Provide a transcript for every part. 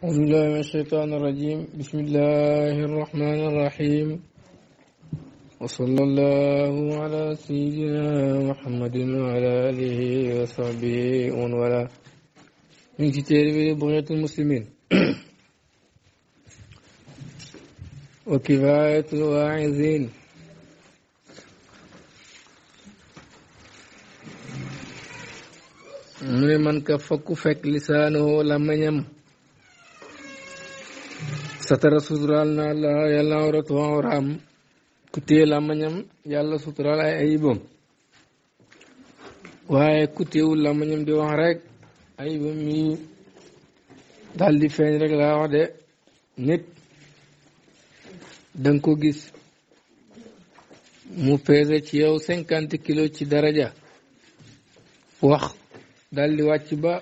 أعوذ بالله من الشيطان الرجيم بسم الله الرحمن الرحيم وصلى الله على سيدنا محمد وعلى آله وصحبه ومن والاه من كتاب بغية المسلمين وكفاية الواعظين من من كفك فك لسانه لما يم satara suturaal na la yàlla awratu awraam ku téye làmmañam yàlla suturaal ay ayibam waaye ku téyewul di wax rek ayibam mi daal di feeñ rek laa wax de nit danga ko gis mu peese ci yow cinquante kilo ci daraja wax daal di wàcc ba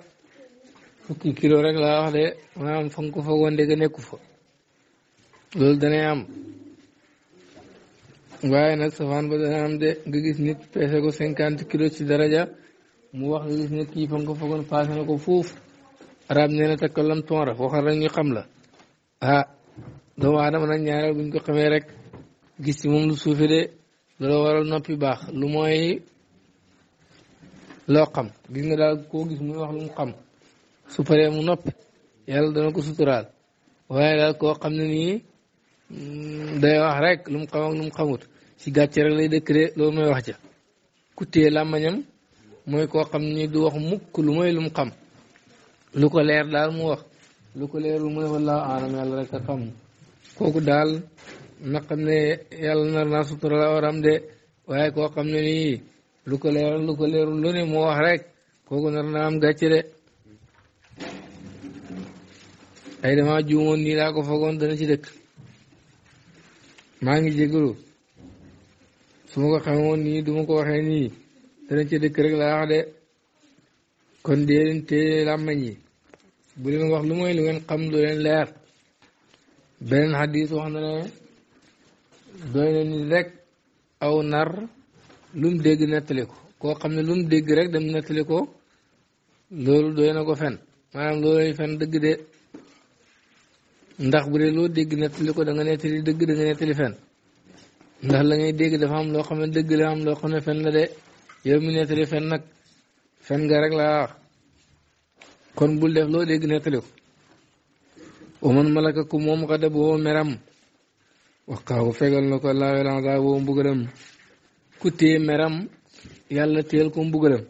fukki kilo rek laa wax de maanaam fa nga ko fa wonde ga nekku fa loolu danay am waaye nag safaan ba dana am de nga gis nit peese ko cinquante kilos ci daraja mu wax nga gis nit kii fa nga ko foogoon paase na ko foofu arab nee na takkalam tonra waxal xam la ah doomu aadama nag ñaareel buñ ko xamee rek gis ci moom lu suufi de waral noppi baax lu mooy loo xam gis nga daal koo gis wax lu xam su paree mu noppi yàlla dana ko waaye daal koo xam ne nii day wax rek lu mu xam lu mu xamut si gàcce rek lay dëkk de loolu mooy wax ja ku téye làmmañam mooy koo xam ni du wax mukk lu mooy lu mu xam lu ko leer daal mu wax lu ko leerul mu kooku daal na waaye koo xam ne nii lu ko leerul lu ko leerul lu ne moo wax rek kooku nar naa am de ay dama juumoon nii laa ko foogoon dana ci dëkk maa ngi jégalu su ma ko xamee woon nii du ko waxee nii danañ ci dëkk rek laa wax de kon dee leen téye bu leen wax lu mooy lu ngeen xam lu leen leer beneen xadis wax na ne doy na ni rek aw nar lu dégg nettali ko koo xam ne lu dégg rek dem nettali ko loolu doy na ko fen maanaam loolu fen dëgg de ndax bu dee loo dégg nettali ko da nettali dëgg da nettali fen ndax la ngay dégg dafa am loo xam ne dëgg la am loo xam ne fen la de yow mi nettali fen nag fen nga rek la kon bul def loo dégg nettali ko wa man malaka ku moom xada boo meram wax kaawu fegal na ko laa welan daa boo mbugalam ku téye meram yàlla téel ko mbugalam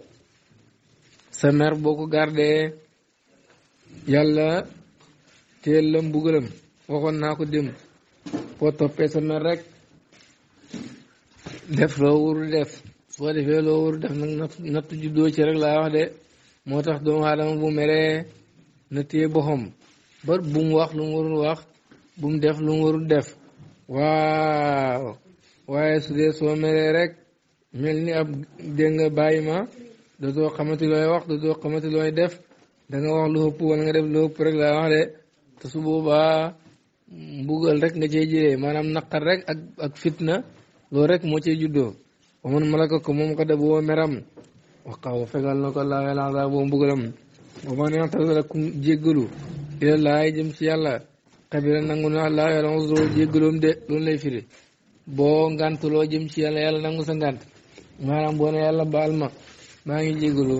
sa mer boo ko gardee yàlla teel la mbugalam waxoon naa ko dem boo toppee sa mer rek def loo wuru def soo defee loo wuru def nag nattu juddoo ci rek laa wax de moo tax doo aadama bu meree na téye boxam ba bu mu wax lu mu warul wax bu def lu mu warul def waaw waaye su dee soo meree rek mel ni ab dégg bàyyi ma dootoo xamati looy wax dootoo xamati looy def da wax lu ëpp wala nga def lu ëpp rek laa wax de te su boobaa mbugal rek nga cee jëlee maanaam naqar rek ak ak fitna loolu rek moo cee juddoo wa man malaka ko moom ko def woo meram waxaaw fegal na ko laa yàlla daa boo mbugalam wa man yàlla xabira nangu na laa yàlla usro jéggaloom de loolu boo ngantuloo jëm ci yàlla yàlla nangu sa ngant maanaam boo maa ngi jéggalu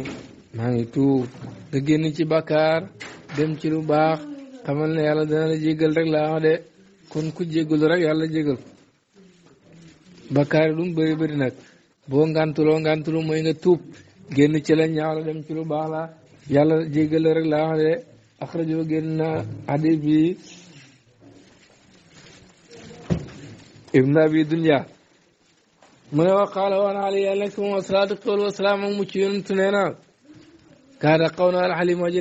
maa ngi tuub nga génn ci bàkkaar dem ci lu baax xamal ne yàlla la jéggal rek laa wax de kon ku jéggalu rek yàlla jéggal ko bakkaar lu mu bëri bëri nag boo ngantuloo mooy nga tuub génn ci la ñaaw la dem ci lu baax la yàlla jéggal rek laa wax de axrajoo génn na bi ibn abi dunya mu ne wax xaala waan ali yàlla nekk moom asalaatu xool wasalaam ak mucc yonentu nee na kaada xaw na alxalim aji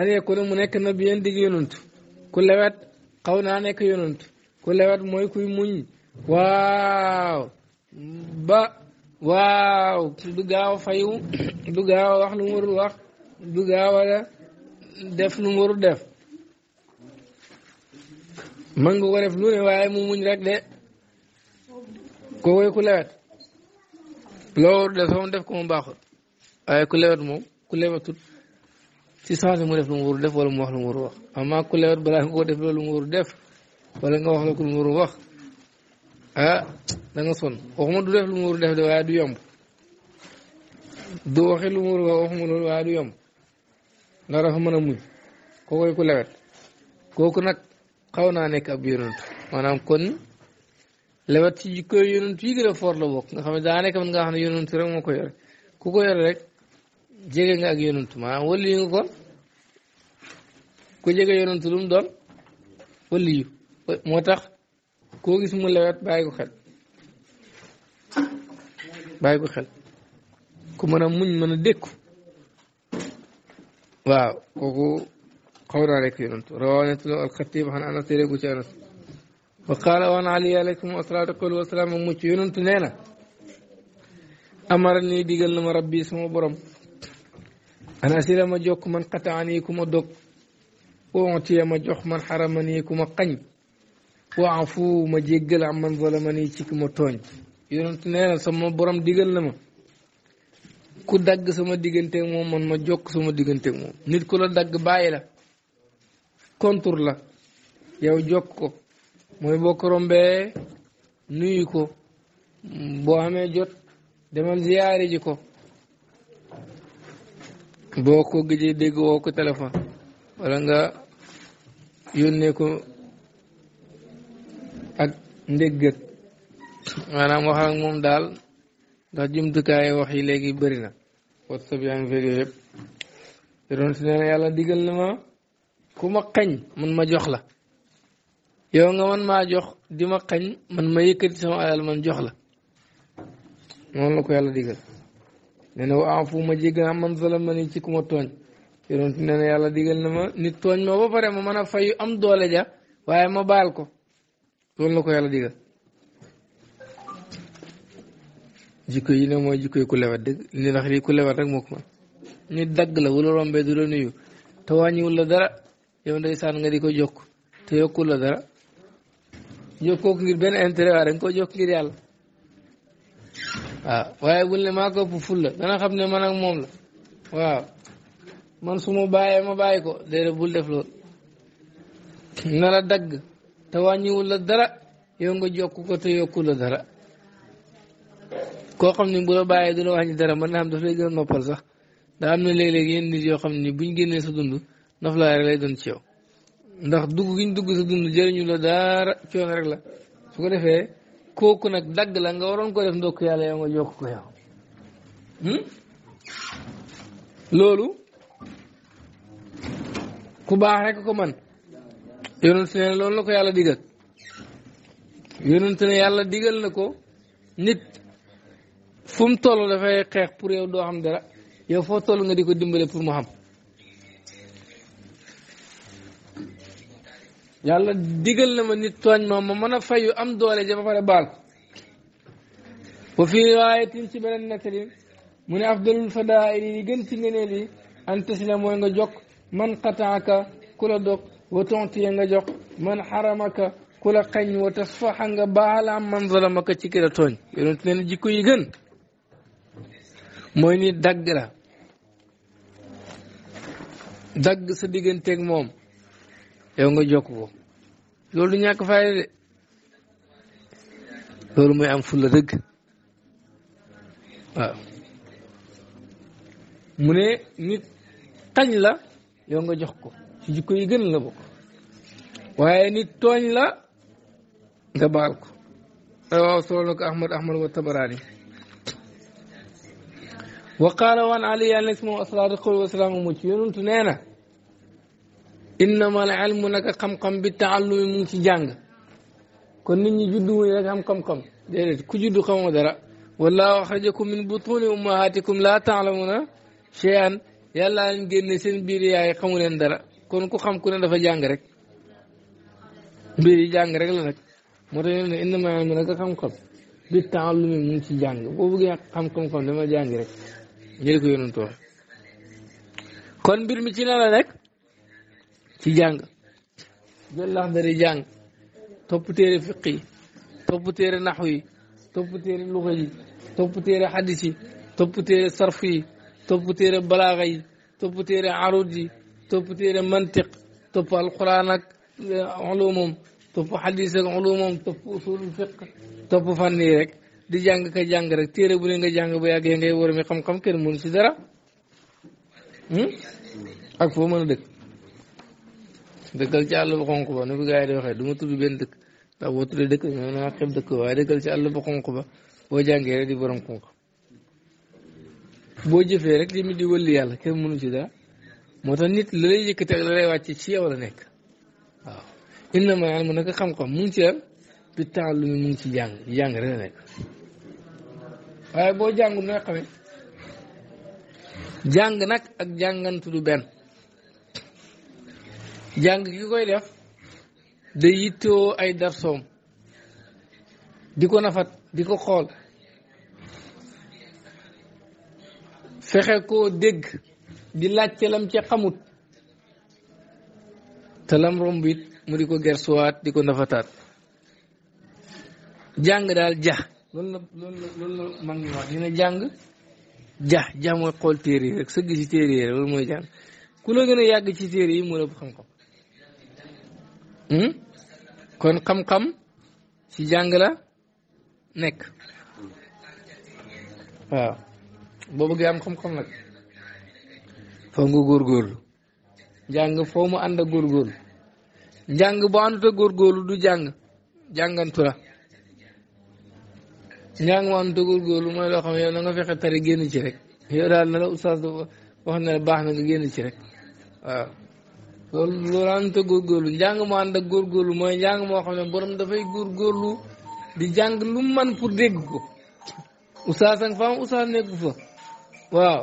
an yakuna mu nekk nabiyan dig yonant ku lewet naa nekk yonant ku lewet mooy kuy muñ waaw ba waaw du gaaw fayu du gaaw wax lu mu warul wax du gaaw a def lu mu warul def mën nga ko def lu ne waaye mu muñ rek de kookoy ku lewet loo warul def soo def ko mu baaxul waaye ku lewet moom ku lewetut ci saa si mu def lu mu wóor def wala mu wax lu mu wóor wax amaa ku lewet balaa nga koo def loolu mu wóor def wala nga wax la lu mu wóor wax ah da nga waxuma du def lu mu wóor def de waaye du yomb du waxi lu mu wóor wax waxuma loolu waaye du yomb ndax dafa mën a muñ kookoy ku lewet kooku nag xaw naa nekk ab yonent maanaam kon lewet ci jikko yonent yi gën a fort la bokk nga xam ne daa nekk mën nga xam ne yonent rek moo ko rek jege nga ak yonantu maanaam wali yu nga kon jege yonantu lu mu doon yu moo tax koo gis mu lewet bàyyi ko xel ko xel ku mën a muñ mën a dékku waaw kooku xaw naa rek yonantu rawanetul alxatib xan anas tereegu ci anas wa qaala waan ali aleykum wasalaatu qul wasalaam ak mucc yonantu nee na amara nii digal na ma rabbi sama borom ana si la ma jokk man xataanii ku ma dog wontiye ma jox man xaramanii ku ma xañ wa fu ma jéggal am man zalamanii ci ku ma tooñ yonent nee na sama borom digal na ma ku dagg sama digganteeg moom man ma jokk sama digganteeg moom nit ku la dagg bàyyi la kontur la yow jokk ko mooy boo ko rombee nuyu ko boo amee jot demal ziyaare ji ko boo ko gëjee dégg woo ko téléphone wala nga yónnee ko ak ndéggat maanaam wax ak moom daal ndax jumtukaay wax yi léegi bëri na whatsapp yaa ngi fekk yëpp te yàlla digal na ma ku ma ma jox la yow nga man maa jox di ma xañ man ma yëkkati sama alal man jox la noonu la ko yàlla digal nee na waaw fu ma jégg am man zalama ni ci ku tooñ yonent nee na yàlla digal na ma nit tooñ ma ba pare ma mën a fay am doole ja waaye ma baal ko loolu la ko yàlla digal jikko yi ne mooy jikko yi ku lewet moo ko man nit dagg la wala rombee du la nuyu te wàññiwul la dara yow ndeysaan nga di ko jokk te yokkul la dara jokkoo ngir benn intérêt waaye da nga jokk ngir yàlla waaw ah, waaye bul ne maa ko ëpp ful la dana xam ne man ak moom la waaw man su ma bàyyee ma bàyyi ko déedéet bul def loolu na la dagg te wàññiwul la dara yow nga jokk ko te yokkul la dara koo xam ne bu la bàyyee du la wàññi dara mën naa am daf lay gën a noppal sax daa am na léeg-léeg yoo xam ne buñ génnee sa dund noflaay rek lay doon ci ndax dugg gi ñu dugg sa dund jëriñu la dara coono rek la su ko defee kooku nag dagg la nga waroon ko def ndokk yàlla yow nga jokk ko yow hmm? loolu ku baax rek ko man yonent ne loolu la ko yàlla digal yonent ne yàlla digal na ko nit fu mu toll dafay xeex pour yow doo xam dara yow foo toll nga di ko dimbale pour mu xam yàlla digal na ma nit tooñ ma ma mën a fayu am doole ja ba pare baal ko fi riwaayatin ci beneen nettali mu ne afdalul fadaa'il yi gën ci ngëneel yi an tasila mooy nga jokk man xataaka ku la dog wa tontiye nga jokk man xaramaka ku la xañ wa tasfaxa nga baalaam man zalamaka ci ki tooñ yonent ne jikko yi gën mooy ni dagg la dagg sa digganteeg moom yow nga jokk ko loolu du ñàkk fayda de loolu mooy am fulla dëgg waaw mu ne nit tañ la yow nga jox ko ci jikko yi gën la bokk waaye nit tooñ la nga baal ko waaw solo na ko ahmad ahmad wa tabaraani wa qaala waan ali yàlla nekk si moom asalaatu wa salaamu mucc yonuntu nee na innama al ilmu naka xam-xam bi taallumi mu ngi ci jàng kon nit ñi juddu wuñ rek am xam-xam déedéet ku juddu xamoo dara wallaahu axrajakum min butuni ummahatikum laa taalamuna cheyan yàlla leen génne seen biir yaay xamu leen dara kon ku xam ku ne dafa jàng rek mbir yi jàng rek la nag moo tax ne innama al ilmu naka xam-xam bi taallumi mu ngi ci jàng boo bëggee xam-xam-xam dama jàng rek njëri ko yonantoo kon mbir mi ci na la rek ci jàng jël laxdari jàng topp téere fiq yi topp téere naxu yi topp téere luxa yi topp téere xadis yi topp téere sarf yi topp téere balaaxa yi topp téere arud topp téere mantiq topp alquran ak eh, topp xadis ak topp usulul fiq topp fànn rek di jàng ka jàng rek téere bu ne nga jàng ba yàggee ngay war mi xam-xam kenn mënu ci dara hmm? ak foo mën dëkkal ci àll bu xonq ba nu fi gars di waxee du ma tudd benn dëkk ndax boo tuddee dëkk ñoom naa xeeb dëkk waaye dëkkal ci àll bu xonq ba boo jàngee rek di borom xonq boo jëfee rek li mu di wëlli yàlla kenn mënu ci dara moo tax nit la lay yëkkati ak la lay wàcc ci yaw la nekk waaw na ma yàlla mu naka xam-xam mu ngi ci lan bi taalum mu ngi ci jàng jàng rek la nekk waaye boo jàngul nooy xamee jàng nag ak jàngantu du benn jàng gi koy def day yittoo ay darsoom di ko nafat di ko xool fexe koo dégg di laajte lam ca xamut te lam romb mu di ko gersuwaat di ko nafataat jàng daal jax loolu la loolu la mag ñu wax dina jàng jax jax mooy xool téere yi rek sëgg ci téere yi rek loolu mooy jàng ku la gën a yàgg ci téere yi mu ëpp xam-xam Hmm? kon xam-xam ci jàng la nekk waaw boo bëggee am xam-xam nag foo nga góorgóorlu jàng foo mu ànd ak góorgóorlu jàng boo àndut góor góorgóorlu du jàng jàngantu la njàng mu àndut ak góorgóorlu mooy loo xam ne yow na nga fexe tari génn ci rek yow daal na la oustaz wax na la baax na nga génn ci rek waaw loolu loolu ànd ak góorgóorlu njàng mu ànd ak góorgóorlu mooy njàng moo xam ne borom dafay góor góorgóorlu di jàng lu man pour dégg ko oustaz ak faam oustaz nekku fa waaw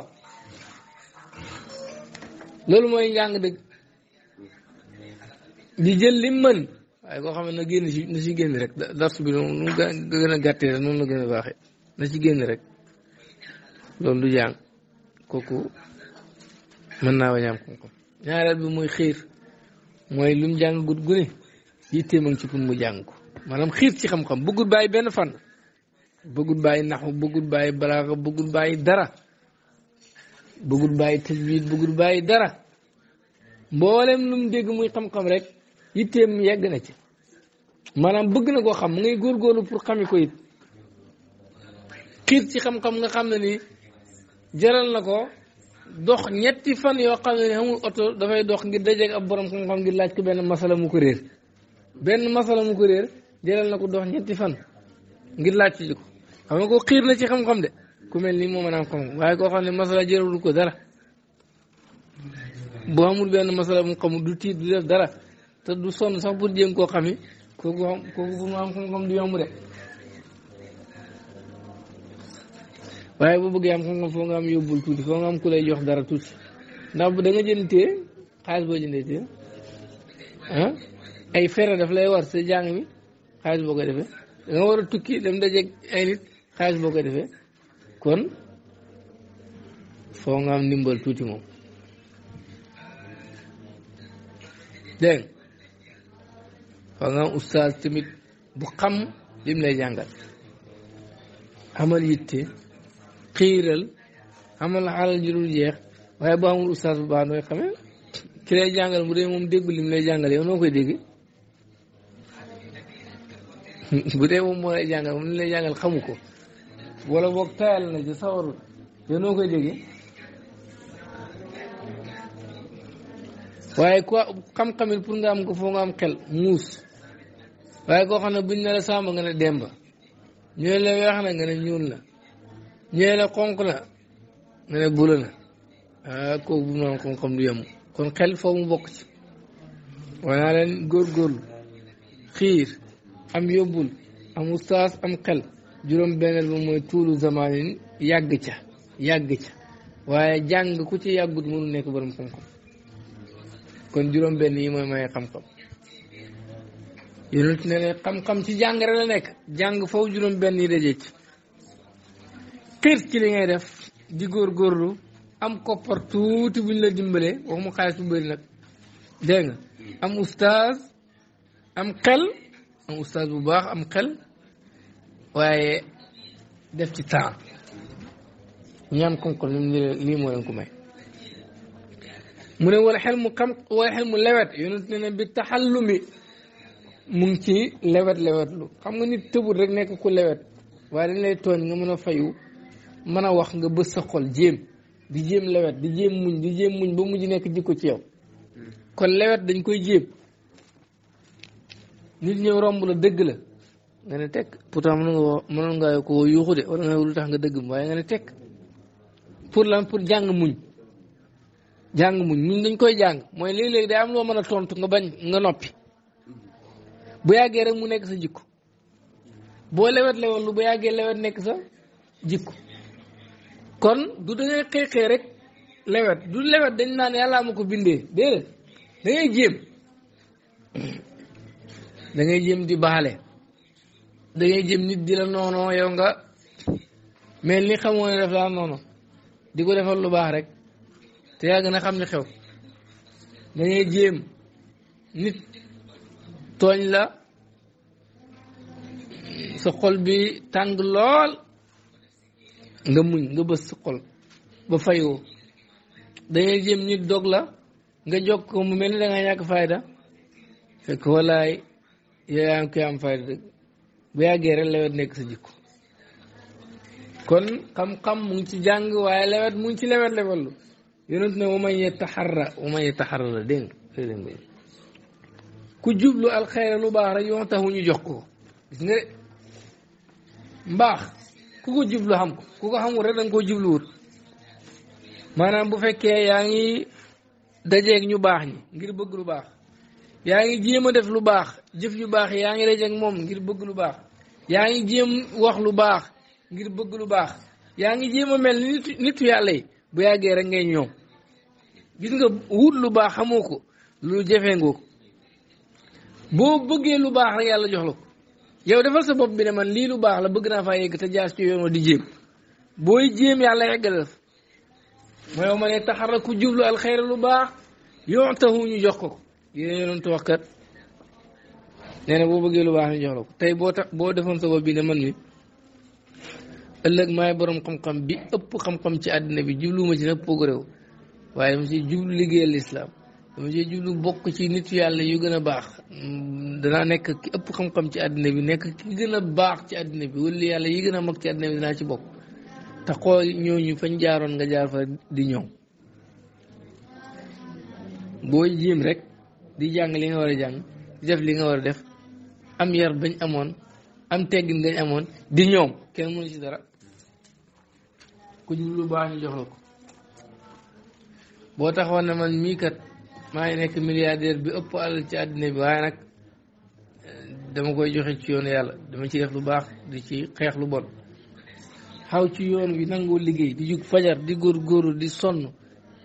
loolu mooy njàng dëgg di jël lim mën waaye koo xam ne na génn si na si génn rek dars bi noonu nu gën a gàttee rek noonu la gën a baaxee na si génn rek loolu du jàng kooku mën naa wañaam xam ñaareel bi muy xiir mooy lum jàng gut gune yitteem ak ci pour mu jàng ko maanaam xiir ci xam-xam bëggul bàyyi benn fan bëggul bàyyi naxu bëggul bàyyi balaaxa bëggul bàyyi dara bëggul bàyyi tajwid bëggul bàyyi dara mboolem lu mu dégg muy xam-xam rek yitteem yegg na ci maanaam bëgg na koo xam mu ngay góorgóorlu pour xami ko it xiir ci xam-xam nga xam ne ni jaral na ko dox ñetti fan yoo xam ne amul oto dafay dox ngir dajeeg ab borom xam-xam ngir laaj ko benn masala mu ko réer benn masala mu ko réer jëlal na ko dox ñetti fan ngir laaj ci ko xam nga ko xiir na ci xam-xam de ku mel nii moo a am xam waaye koo xam ne masala jërewul ko dara boo amul benn masala mu xamul du tiit du def dara te du sonn sax pour jéem koo xami kooku am kooku pour mu xam-xam du yomb de waaye boo bëggee am xam-xam foo nga am yóbbul tuuti foo nga am ku lay jox dara tuuti ndax bu da nga jënd téye xaalis boo jëndee téye ah ay fere daf lay war sa jàng mi xaalis boo ko defee tukki dem dajeeg ay boo koy defee kon foo nga am ndimbal tuuti moom dégg foo nga am ustaas tamit bu xam lim lay jàngal amal yitte xiiral amal xalal ju dul jeex waaye boo amul ustaas bu nooy xamee ki lay jàngal bu dee moom déggu li lay jàngal yow koy dégg bu dee moom moo lay jàngal moom lay jàngal xamu ko wala boog tayal na ci sawarul yow koy déggee waaye ku xam-xamit pour nga am ko foo nga am xel muus waaye koo xam ne buñ ne la sàmm nga ne demba ñu la weex na nga ne ñuul na ñee la xonq na nga ne bula bu mu naan xonqam du yem kon xel foo mu bokk ci wanaa leen góorgóorlu xiir am yóbbul am ustaas am xel juróom benneel ba mooy tuulu zamaanin yàgg ca yàgg ca waaye jàng ku ci yàggut mënu nekk borom xam-xam kon juróom benn yi mooy maye xam-xam yonent ne ne xam-xam ci jàng rek la nekk jàng foofu juróom benn yi dajee ci xiir ci li ngay def di góorgóorlu am koppar tuuti buñ la dimbalee waxuma xaalis bu bëri nag dégg nga am ustaaz am xel am ustaaz bu baax am xel waaye def ci temps ñaam koom-koom lii moo may mu ne wala xel mu xam wala xel mu lewet yonent ne ne bi taxallumi mu ngi ci lewet lewetlu xam nga nit tëbul rek nekk ku lewet waaye dañ lay nga mën a fayu mën a wax nga bës sa xol jéem di jéem lewet di jéem muñ di jéem muñ ba mujj nekk jikko ci yow kon lewet dañ koy jéem nit ñëw romb la dëgg la nga ne tekk mënoon ko woo yuuxu de nga dëgg waaye nga ne tekk pour lan pour jàng muñ jàng muñ muñ dañ koy jàng mooy léeg-léeg day am loo mën a tontu nga bañ nga noppi bu yàggee rek mu nekk sa jikko boo lewet lewoon lu bu yàggee lewet nekk sa jikko kon du dangay xëy xëy rek lewet du lewet dañ naan yàlla ma ko bindee déedéet da ngay jéem da di baale da ngay jéem nit di la noonoo yow nga mais li xamoo ne def laa noonu di ko defal lu baax rek te yaa gën a xam ne xew da ngay jéem nit tooñ la sa xol bi tàng lool nga muñ nga bës sa xol ba fayoo dangay jëm nit dog la nga jokk ko mu mel ni da nga ñàkk fayda fekk walaay bu yàggee rek lewet nekk sa jikko kon xam-xam mu ngi ci jàng waaye lewet mu ci lewet lewetlu yonent ne wa man yataxarra wa man yataxarra la dégg nga ku jublu lu baax rek yoon ñu jox ko gis nga mbaax ku ko jublu xam ko ku ko xamul rek da koo jubluwut maanaam bu fekkee yaa ngi dajeeg ñu baax ñi ngir bëgg lu baax yaa ngi jéem a def lu baax jëf yu baax yaa ngi dajeeg moom ngir bëgg lu baax yaa ngi jéem wax lu baax ngir bëgg lu baax yaa ngi jéem a mel ni nitu yàlla yi bu yàggee rek ngay ñëw gis nga wut lu baax xamoo ko lu jafee ngoo ko boo bëggee lu baax rek yàlla jox la yow defal sa bopp bi ne man lii lu baax la bëgg naa faa yegg te jaas ci yoon di jéem booy jéem yàlla yeggal la mooy yow ma ne taxara ku jublu alxeyra lu baax yoon taxu ñu jox ko ko yéen a doon wax kat nee na boo bëggee lu baax ñu jox la ko tey boo tax boo defoon sa bopp bi ne man mi ëllëg maay borom xam-xam bi ëpp xam-xam ci àddina bi jubluwuma ci nag pogoré waaye mu si jublu liggéey lislaam dama cee jublu bokk ci nit yàlla yu gën a baax danaa nekk ki ëpp xam-xam ci àddina bi nekk ki gën a baax ci àddina bi wala yàlla yi gën a mag ci àddina bi danaa ci bokk te xool ñooñu fañ jaaroon nga jaar fa di ñëw boo jéem rek di jàng li nga war a jàng di def li nga war a def am yar bañ amoon am teggin bañ amoon di ñoom kenn mënu ci dara ku jublu baax ñu jox ko boo taxoon ne man mii kat. maa ngi nekk milliardaire bi ëpp alal ci àddina bi waaye nag eh, dama koy joxe ci yoon yàlla dama ci def lu baax di ci xeex lu bon xaw ci yoon wi nangoo liggéey fajar di góorgóorlu di sonn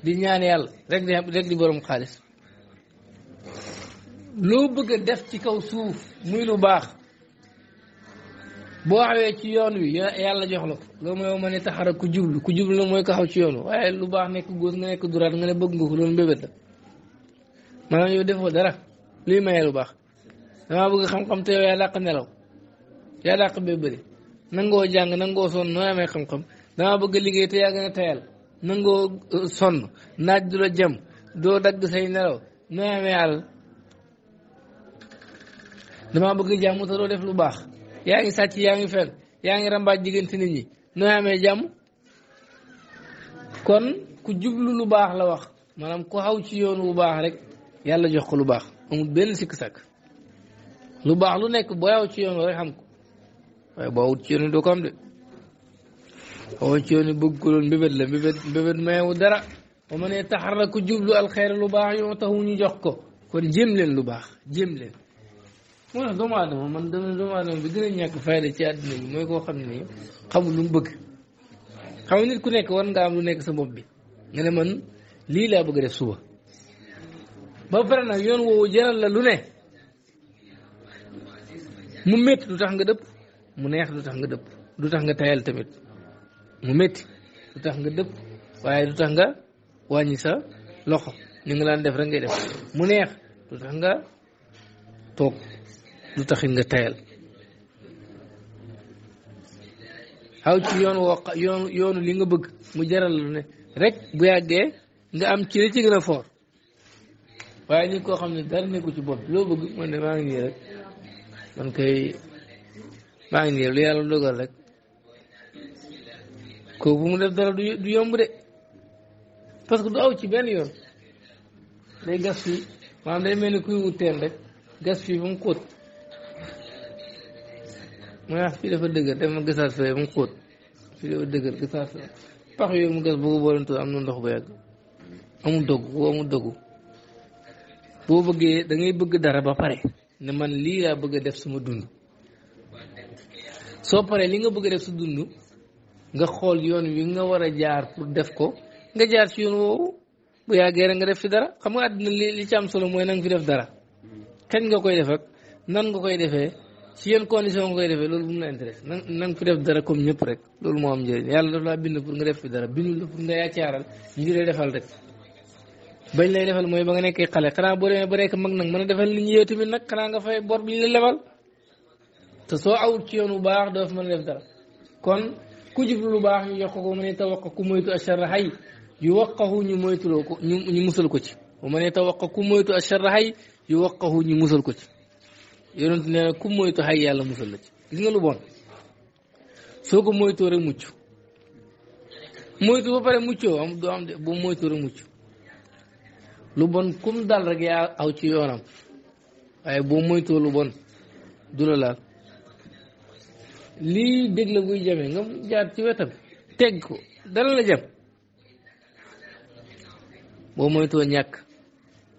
di ñaan yàlla rek di rek di borom xaalis loo bëgg a def ci kaw suuf muy lu baax boo xawee ci yoon wi yàlla jox la ko mooy ma ne taxara ku jublu ku jublu la mooy ko xaw ci yoon waaye lu baax nekk góor nga nekk duraat nga ne bëgg nga ko loolu mbébét maanaam yow defoo dara luy maye lu baax damaa bëgg xam-xam te yow yaa dàq nelaw yaa dàq bee bëri nangoo jàng nangoo sonn noo amee xam-xam damaa bëgg liggéey te yaa gën a tayal nangoo euh, sonn naaj du la jëm doo dagg say nelaw noo amee àll damaa bëgg jàmm te doo def lu baax yaa ngi sàcc yaa ngi fen yaa ngi rambaaj diggante nit ñi noo amee jàmm kon ku jublu lu baax la wax maanaam ku xaw ci yoon wu rek yàlla jox ko lu baax amul benn sikk sàkk lu baax lu nekk boo yaw ci yoon rek xam ko waaye boo wut ci doo ko am de boo ci yoon bëgg ko doon mbébét la mbébét mbébét mayewu dara ba ma lu baax yoo taxu jox ko kon jéem leen lu baax jéem leen moo doomu aadama man dama doomu aadama bi gën a ñàkk fayda ci àddina bi mooy koo xam ne xamul lu mu bëgg xam nit ku nekk war nga am lu nekk sa mbopp bi nga ne man lii laa bëgg def suba ba pare nag yoon woowu jaral la lu ne mu métti du tax nga dëpp mu neex du tax nga dëpp du tax nga tayal tamit mu metti du tax nga dëpp waaye du tax nga wàññi sa loxo ñu ngi daan def rek ngay def mu neex du tax nga toog du taxit nga tayal xaw ci yoon woo yoonu yoonu li nga bëgg mu jaral lu ne rek bu yàggee nga am ci la ci gën a foor waaye ni koo xam ne dara nekku ci bopp loo bëgg man de maa ngi nii rek man kay maa ngi nii lu yàlla dogal rek kooku mu def dara du yomb de parce que du aw ci benn yoon day gas fii maanaam day mel ni kuy wut teen rek gas fii ba mu xóot mu wax ah fii dafa dëgër dama gasaat fee ba mu xóot fii dafa dëgër gasaat fee pax yooyu mu gas boo ko am na ndox bu yàgg amul dogg amul dogg boo bëggee da ngay bëgg dara ba pare ne man lii laa bëgg a def suma dund soo paree li nga bëgg def su dund nga xool yoon wi nga war a jaar pour def ko nga jaar ci yoon woowu bu yàggee rek nga def fi dara xam nga àddina li li ci am solo mooy na nga fi def dara kañ nga koy def ak nan nga koy defee ci yenn condition nga koy defee loolu bu mu la intéresse na na nga fi def dara comme ñëpp rek loolu moo am njëriñ yàlla daf laa bind pour nga def fi dara bindul la pour nga yaacaaral ngir defal rek. bañ lay defal mooy ba nga nekkee xale xanaa boo demee ba nekk mag nag mën a defal li ñu yow tamit nag xanaa nga fay bor bi ñu la lebal te soo awut ci yoon bu baax doo fi mën a def dara kon ku jublu lu baax ñu yokk ko mu ne tawaq ku moytu asharra hay yu waqahu ñu moytuloo ñu musal ko ci bu ma ne tawaq ku moytu asharra hay yu waqahu ñu musal ko ci yonent nee na ku moytu hay yàlla musal la ci gis nga lu bon soo ko moytoo rek mucc moytu ba pare muccoo am doo am de boo moytoo rek mucc lu bon kum dal rek yaa aw ci yoonam waaye boo moytoo lu bon du la laal lii dégg la buy jamee nga jaar ci wetam teg ko dala la jam boo moytoo ñàkk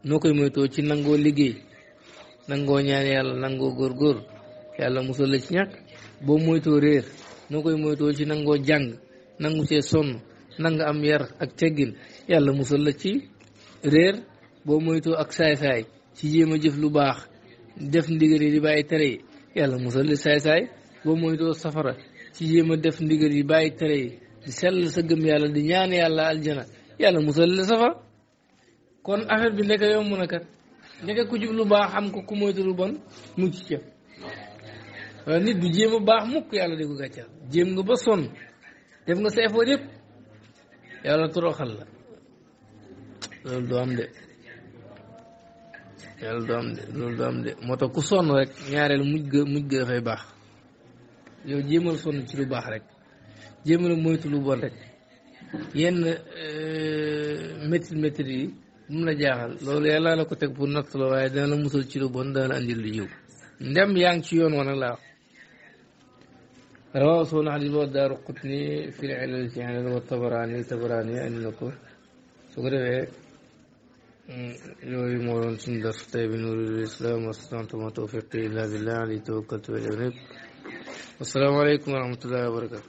noo koy moytoo ci nangoo liggéey nangoo ñaan yàlla nangoo góor góor yàlla musal la ci ñàkk boo moytoo réer noo koy moytoo ci nangoo jàng nangu see sonn nanga am yar ak teggin yàlla musal la ci réer boo moytoo ak saay-saay ci jéem a jëf lu baax def ndigal yi di bàyyi tere yi yàlla musal la saay-saay boo moytoo safara ci jéem a def ndigal yi bàyyi tere yi di sell sa gëm yàlla di ñaan yàlla aljana yàlla musal la safara kon affaire bi ndeke yomb na kat ndeke ku jub lu baax am ko ku moytu lu bon mucc ca waaye nit du jéem a baax mukk yàlla di ko gàccal jéem nga ba sonn def nga sa effort yëpp yàlla toroxal la loolu du am de moo tax ku sonn rek ñaareel muj ga mujj ga dafay baax yow jéemal sonn ci lu baax rek jéemal moytu lu bon rek yenn euh, métti métti yi mu la jaaxal loolu yàlla la ko teg pour natt la waaye dana la musal ci lu bon dana andil lu yiw ndem yaa ngi ci yoon wa nag laa rawaw soo na xadis boo daaru qutni fil ilal ci ilal wa tabaraani tabaraani andi ko su ko defee yooyu moo doon suñu dars tey bi nuurul islam wastantu ma tawfiqi illa billah alayhi tawakkaltu wa ilayhi unib asalaamaaleykum wa rahmatullahi wa barakatu